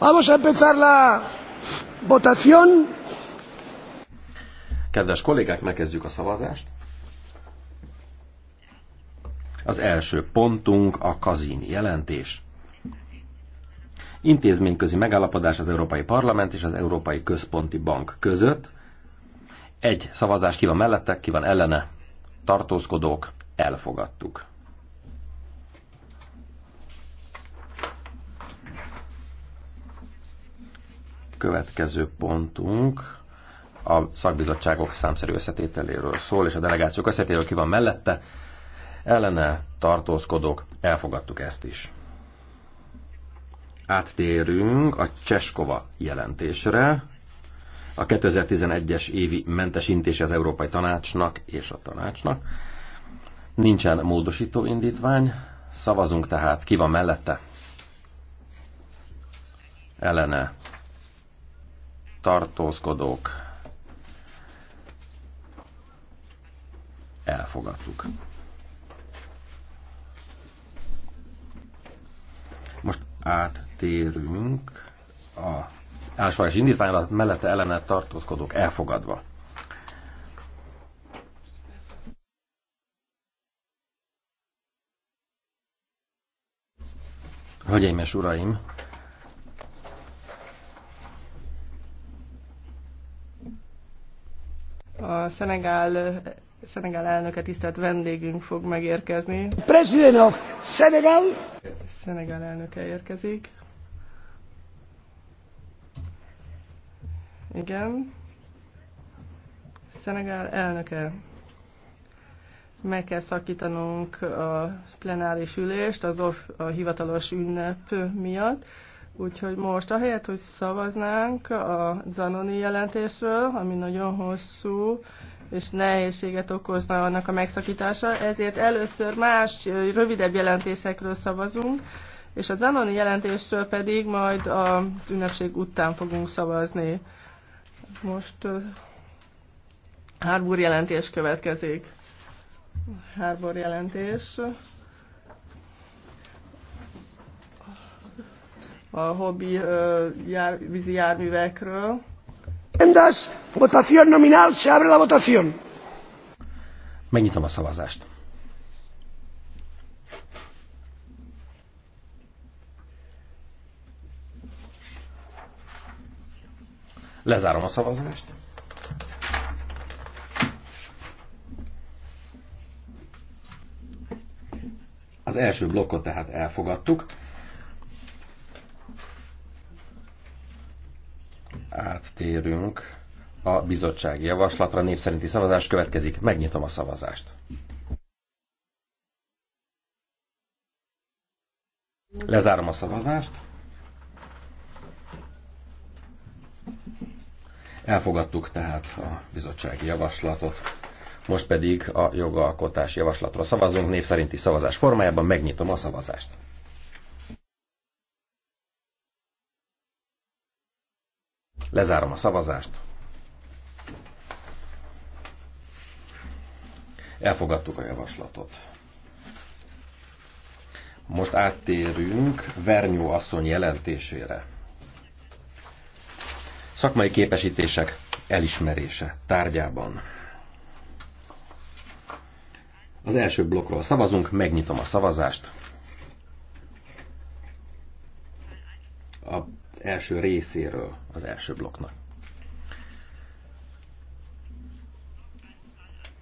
Vamos a empezar la votación. Kedves kollégák, megkezdjük a szavazást. Az első pontunk a kazin jelentés. Intézményközi megállapodás az Európai Parlament és az Európai Központi Bank között. Egy szavazás ki van mellette, ki van ellene. Tartózkodók, elfogadtuk. következő pontunk a szakbizottságok számszerű összetételéről szól, és a delegációk összetételéről ki van mellette. Ellene tartózkodók, elfogadtuk ezt is. Áttérünk a Cseskova jelentésre, a 2011-es évi intése az Európai Tanácsnak és a Tanácsnak. Nincsen módosító indítvány, szavazunk tehát, ki van mellette? Ellene tartózkodók elfogadtuk. Most áttérünk a állásfoglalás indítványra mellette ellenet tartózkodók elfogadva. Hölgyeim és uraim, Szenegál Szenegál elnöke tisztelt vendégünk fog megérkezni. President of Senegal. Szenegál elnöke érkezik. Igen. Szenegál elnöke. Meg kell szakítanunk a plenáris ülést az a hivatalos ünnep miatt. Úgyhogy most ahelyett, hogy szavaznánk a Zanoni jelentésről, ami nagyon hosszú, és nehézséget okozna annak a megszakítása, ezért először más, rövidebb jelentésekről szavazunk, és a Zanoni jelentésről pedig majd a ünnepség után fogunk szavazni. Most Harbor jelentés következik. Harbor jelentés. a hobbi jár, vízi járművekről. votación nominal, se abre la votación. Megnyitom a szavazást. Lezárom a szavazást. Az első blokkot tehát elfogadtuk. áttérünk a bizottsági javaslatra. Név szerinti szavazás következik. Megnyitom a szavazást. Lezárom a szavazást. Elfogadtuk tehát a bizottsági javaslatot. Most pedig a jogalkotás javaslatra szavazunk. Név szerinti szavazás formájában megnyitom a szavazást. Lezárom a szavazást. Elfogadtuk a javaslatot. Most áttérünk Vernyó asszony jelentésére. Szakmai képesítések elismerése tárgyában. Az első blokkról szavazunk, megnyitom a szavazást. A első részéről az első blokknak.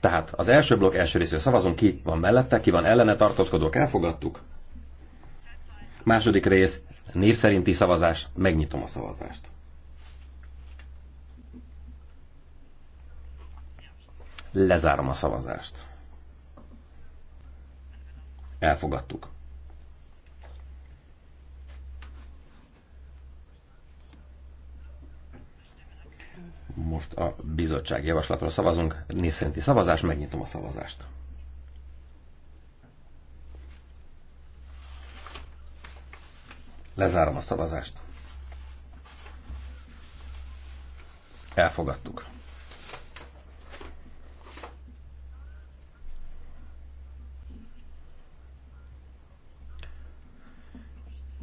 Tehát az első blokk első részéről szavazunk, ki van mellette, ki van ellene, tartózkodók elfogadtuk. Második rész, név szerinti szavazás, megnyitom a szavazást. Lezárom a szavazást. Elfogadtuk. Most a bizottság javaslatról szavazunk. Név szerinti szavazás, megnyitom a szavazást. Lezárom a szavazást. Elfogadtuk.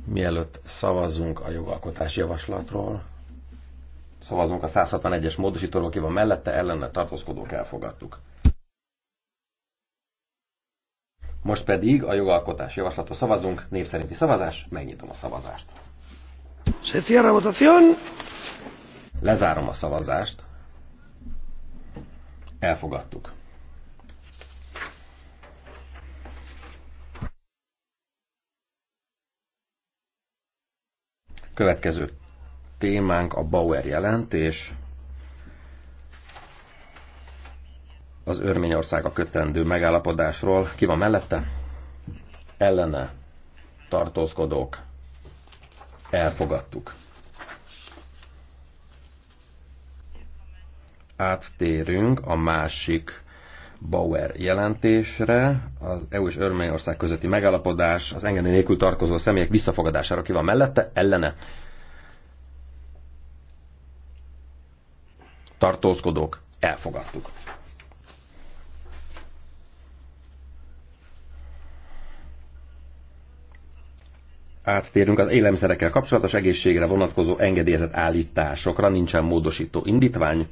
Mielőtt szavazzunk a jogalkotás javaslatról, Szavazunk a 161-es módosítóról, aki van mellette, ellenne tartózkodók elfogadtuk. Most pedig a jogalkotás javaslata szavazunk, név szerinti szavazás, megnyitom a szavazást. Se cierra votación. Lezárom a szavazást. Elfogadtuk. Következő témánk a Bauer jelentés, az Örményország a kötendő megállapodásról. Ki van mellette? Ellene tartózkodók. Elfogadtuk. Áttérünk a másik Bauer jelentésre, az EU és Örményország közötti megállapodás, az engedély nélkül tartozó személyek visszafogadására ki van mellette, ellene tartózkodók, elfogadtuk. Áttérünk az élelmiszerekkel kapcsolatos egészségre vonatkozó engedélyezett állításokra, nincsen módosító indítvány.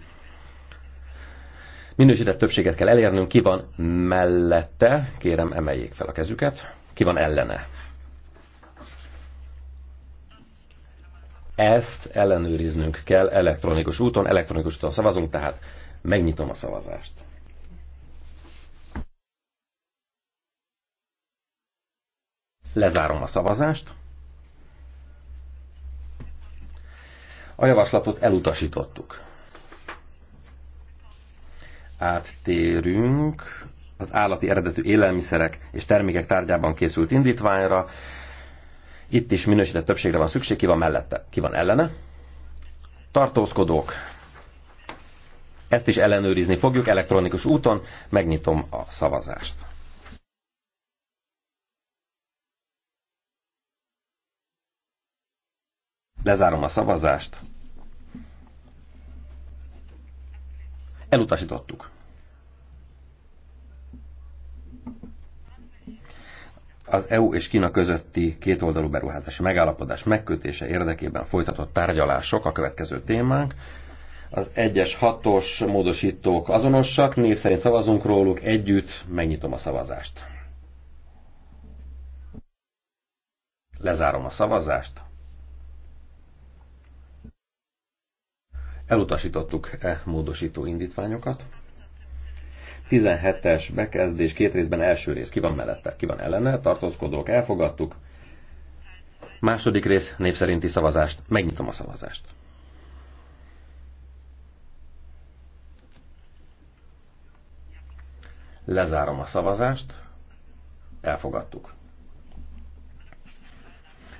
Minősített többséget kell elérnünk, ki van mellette, kérem emeljék fel a kezüket, ki van ellene. Ezt ellenőriznünk kell elektronikus úton, elektronikus úton szavazunk, tehát megnyitom a szavazást. Lezárom a szavazást. A javaslatot elutasítottuk. Áttérünk az állati eredetű élelmiszerek és termékek tárgyában készült indítványra. Itt is minősített többségre van szükség, ki van mellette, ki van ellene. Tartózkodók. Ezt is ellenőrizni fogjuk elektronikus úton. Megnyitom a szavazást. Lezárom a szavazást. Elutasítottuk. az EU és Kína közötti kétoldalú beruházási megállapodás megkötése érdekében folytatott tárgyalások a következő témánk. Az 1-es, 6-os módosítók azonosak, név szerint szavazunk róluk együtt, megnyitom a szavazást. Lezárom a szavazást. Elutasítottuk e módosító indítványokat. 17-es bekezdés két részben első rész. Ki van mellette? Ki van ellene? Tartózkodók, elfogadtuk. Második rész népszerinti szavazást. Megnyitom a szavazást. Lezárom a szavazást. Elfogadtuk.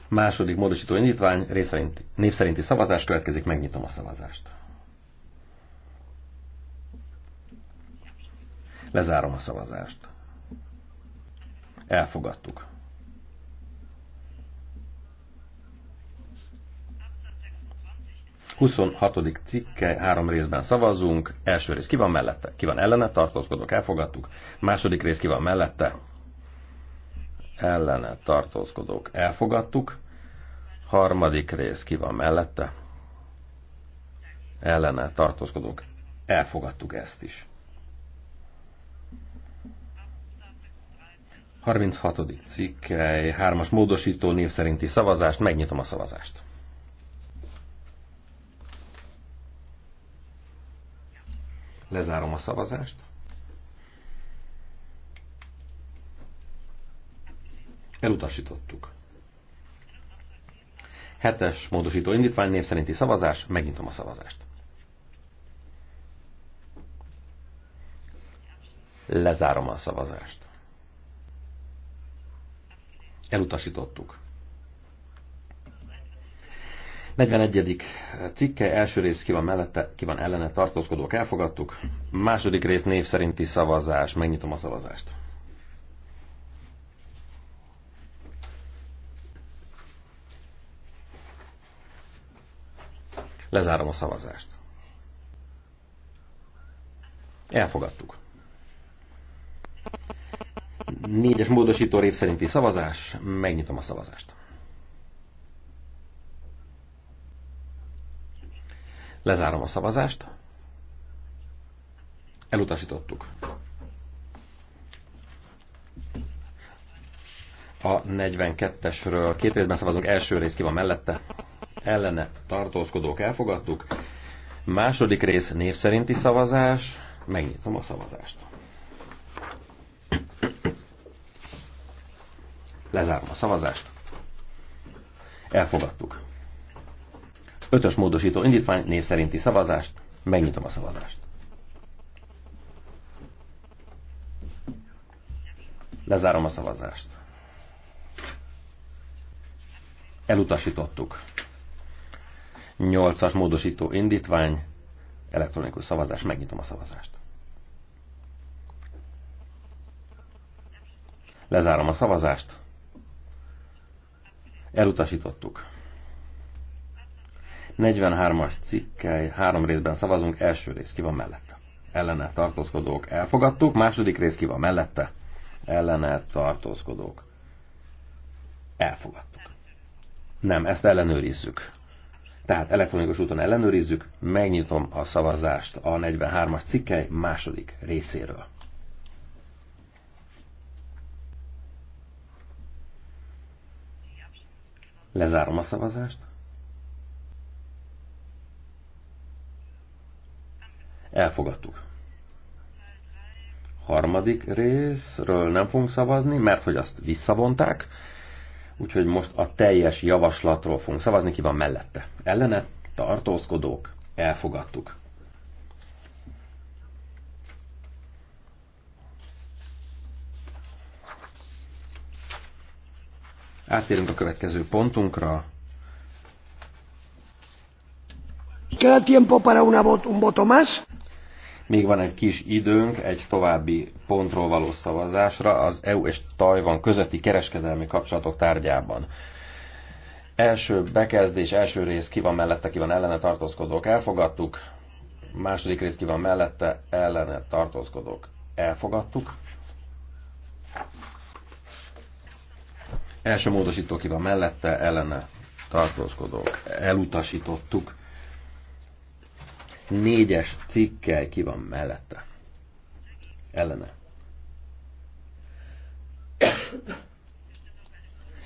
Második módosító indítvány népszerinti szavazás következik. Megnyitom a szavazást. Lezárom a szavazást. Elfogadtuk. Huszonhatodik cikke, három részben szavazunk. Első rész ki van mellette? Ki van ellene? Tartózkodok, elfogadtuk. Második rész ki van mellette? Ellene tartózkodok, elfogadtuk. Harmadik rész ki van mellette? Ellene tartózkodok, elfogadtuk ezt is. 36. cikk, 3-as módosító név szerinti szavazást, megnyitom a szavazást. Lezárom a szavazást. Elutasítottuk. Hetes módosító indítvány név szerinti szavazás, megnyitom a szavazást. Lezárom a szavazást. Elutasítottuk. 41. cikke, első rész ki van mellette, ki van ellene, tartózkodók elfogadtuk. Második rész név szerinti szavazás, megnyitom a szavazást. Lezárom a szavazást. Elfogadtuk. Négyes módosító rév szerinti szavazás. Megnyitom a szavazást. Lezárom a szavazást. Elutasítottuk. A 42-esről két részben szavazunk. Első rész ki van mellette. Ellene tartózkodók elfogadtuk. Második rész név szerinti szavazás. Megnyitom a szavazást. Lezárom a szavazást. Elfogadtuk. Ötös módosító indítvány név szerinti szavazást. Megnyitom a szavazást. Lezárom a szavazást. Elutasítottuk. Nyolcas módosító indítvány. Elektronikus szavazás. Megnyitom a szavazást. Lezárom a szavazást. Elutasítottuk. 43-as cikkely, három részben szavazunk, első rész ki van mellette. Ellene tartózkodók elfogadtuk, második rész ki van mellette. Ellene tartózkodók elfogadtuk. Nem, ezt ellenőrizzük. Tehát elektronikus úton ellenőrizzük, megnyitom a szavazást a 43-as cikkely második részéről. Lezárom a szavazást. Elfogadtuk. Harmadik részről nem fogunk szavazni, mert hogy azt visszavonták. Úgyhogy most a teljes javaslatról fogunk szavazni, ki van mellette. Ellene tartózkodók, elfogadtuk. Átérünk a következő pontunkra. Még van egy kis időnk egy további pontról való szavazásra az EU és Tajvan közötti kereskedelmi kapcsolatok tárgyában. Első bekezdés, első rész ki van mellette, ki van ellene tartózkodók, elfogadtuk. Második rész ki van mellette, ellene tartózkodók, elfogadtuk. Első módosító ki van mellette, ellene tartózkodók. Elutasítottuk. Négyes cikkely ki van mellette. Ellene.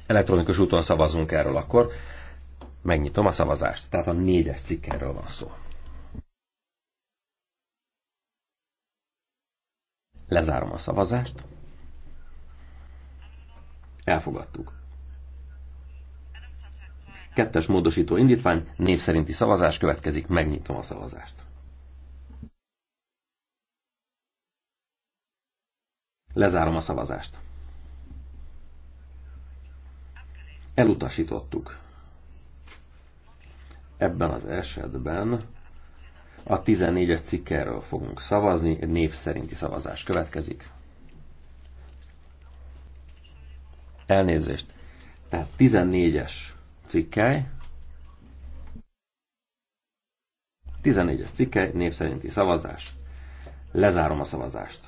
Elektronikus úton szavazunk erről akkor. Megnyitom a szavazást. Tehát a négyes cikkelyről van szó. Lezárom a szavazást. Elfogadtuk. Kettes módosító indítvány, név szerinti szavazás következik, megnyitom a szavazást. Lezárom a szavazást. Elutasítottuk. Ebben az esetben a 14-es cikkerről fogunk szavazni, név szerinti szavazás következik. Elnézést. Tehát 14-es cikkely. 14-es cikkely, név szerinti szavazás. Lezárom a szavazást.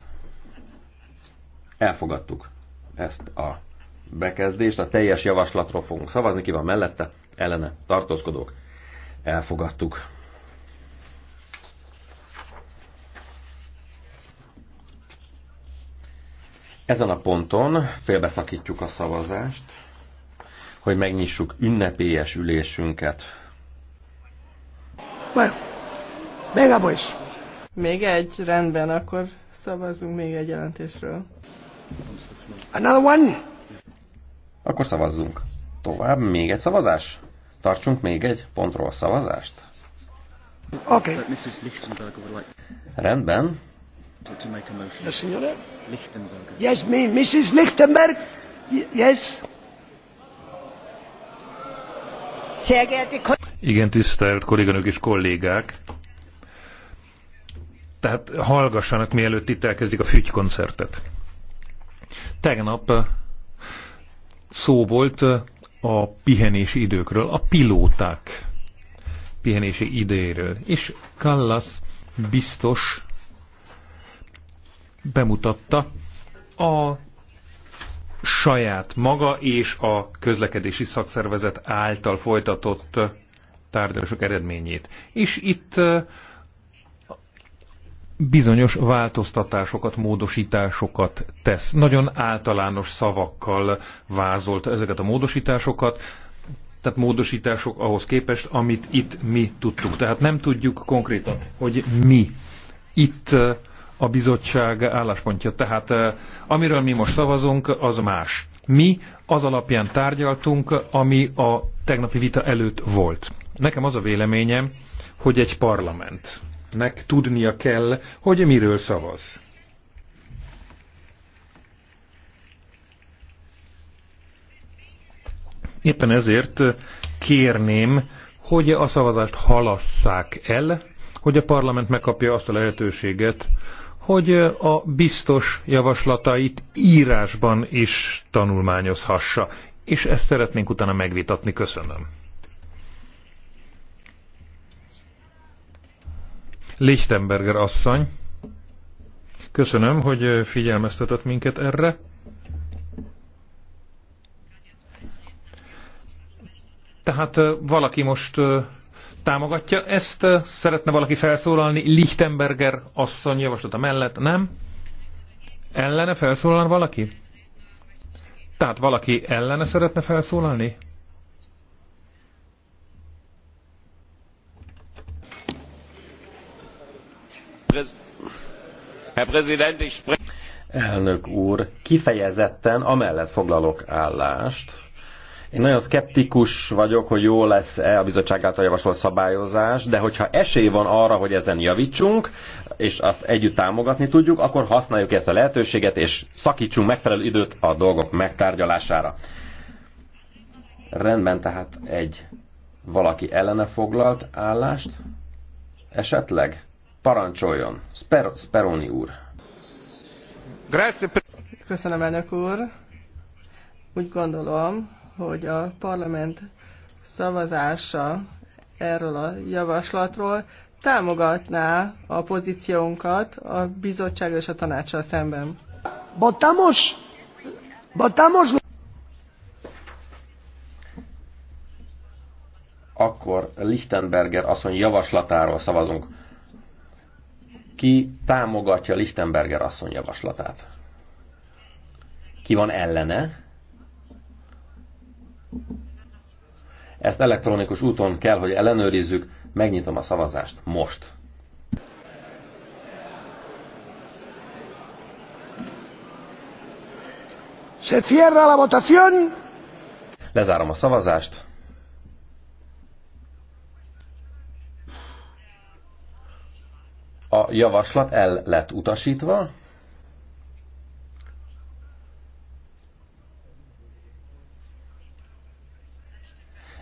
Elfogadtuk ezt a bekezdést. A teljes javaslatról fogunk szavazni. Ki van mellette? Ellene. Tartózkodók. Elfogadtuk. Ezen a ponton félbeszakítjuk a szavazást, hogy megnyissuk ünnepélyes ülésünket. Well, még abba Még egy, rendben, akkor szavazzunk még egy jelentésről. Another one! Akkor szavazzunk. Tovább még egy szavazás? Tartsunk még egy pontról szavazást? Oké. Okay. Rendben to make a motion. La Lichtenberger. Yes, me, Mrs. Lichtenberg. Yes. Igen, tisztelt kolléganők és kollégák. Tehát hallgassanak, mielőtt itt elkezdik a fügykoncertet. Tegnap eh, szó volt eh, a pihenési időkről, a pilóták pihenési idejéről, és Kallas biztos bemutatta a saját maga és a közlekedési szakszervezet által folytatott tárgyalások eredményét. És itt bizonyos változtatásokat, módosításokat tesz. Nagyon általános szavakkal vázolt ezeket a módosításokat, tehát módosítások ahhoz képest, amit itt mi tudtuk. Tehát nem tudjuk konkrétan, hogy mi itt a bizottság álláspontja. Tehát eh, amiről mi most szavazunk, az más. Mi az alapján tárgyaltunk, ami a tegnapi vita előtt volt. Nekem az a véleményem, hogy egy parlamentnek tudnia kell, hogy miről szavaz. Éppen ezért eh, kérném, hogy a szavazást halasszák el, hogy a parlament megkapja azt a lehetőséget, hogy a biztos javaslatait írásban is tanulmányozhassa. És ezt szeretnénk utána megvitatni. Köszönöm. Lichtenberger asszony, köszönöm, hogy figyelmeztetett minket erre. Tehát valaki most támogatja ezt? Szeretne valaki felszólalni? Lichtenberger asszony javaslata mellett, nem? Ellene felszólalni valaki? Tehát valaki ellene szeretne felszólalni? Elnök úr, kifejezetten amellett foglalok állást, én nagyon szkeptikus vagyok, hogy jó lesz-e a bizottság által javasolt szabályozás, de hogyha esély van arra, hogy ezen javítsunk, és azt együtt támogatni tudjuk, akkor használjuk ezt a lehetőséget, és szakítsunk megfelelő időt a dolgok megtárgyalására. Rendben, tehát egy valaki ellene foglalt állást, esetleg parancsoljon. Sper Speroni úr. Köszönöm, elnök úr. Úgy gondolom, hogy a parlament szavazása erről a javaslatról támogatná a pozíciónkat a bizottság és a tanácssal szemben. Botamos, botamos. Akkor Lichtenberger asszony javaslatáról szavazunk. Ki támogatja Lichtenberger asszony javaslatát? Ki van ellene? Ezt elektronikus úton kell, hogy ellenőrizzük. Megnyitom a szavazást most. Se cierra la votación. Lezárom a szavazást. A javaslat el lett utasítva.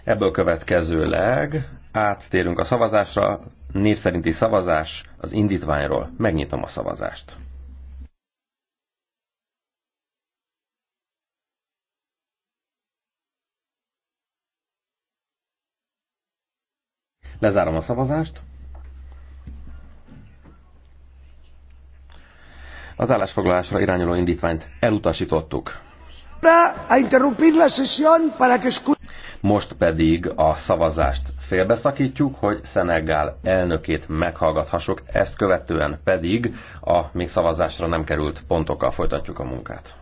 Ebből következőleg áttérünk a szavazásra, név szerinti szavazás az indítványról. Megnyitom a szavazást. Lezárom a szavazást. Az állásfoglalásra irányuló indítványt elutasítottuk. interrumpir la sesión para que most pedig a szavazást félbeszakítjuk, hogy Szenegál elnökét meghallgathassuk, ezt követően pedig a még szavazásra nem került pontokkal folytatjuk a munkát.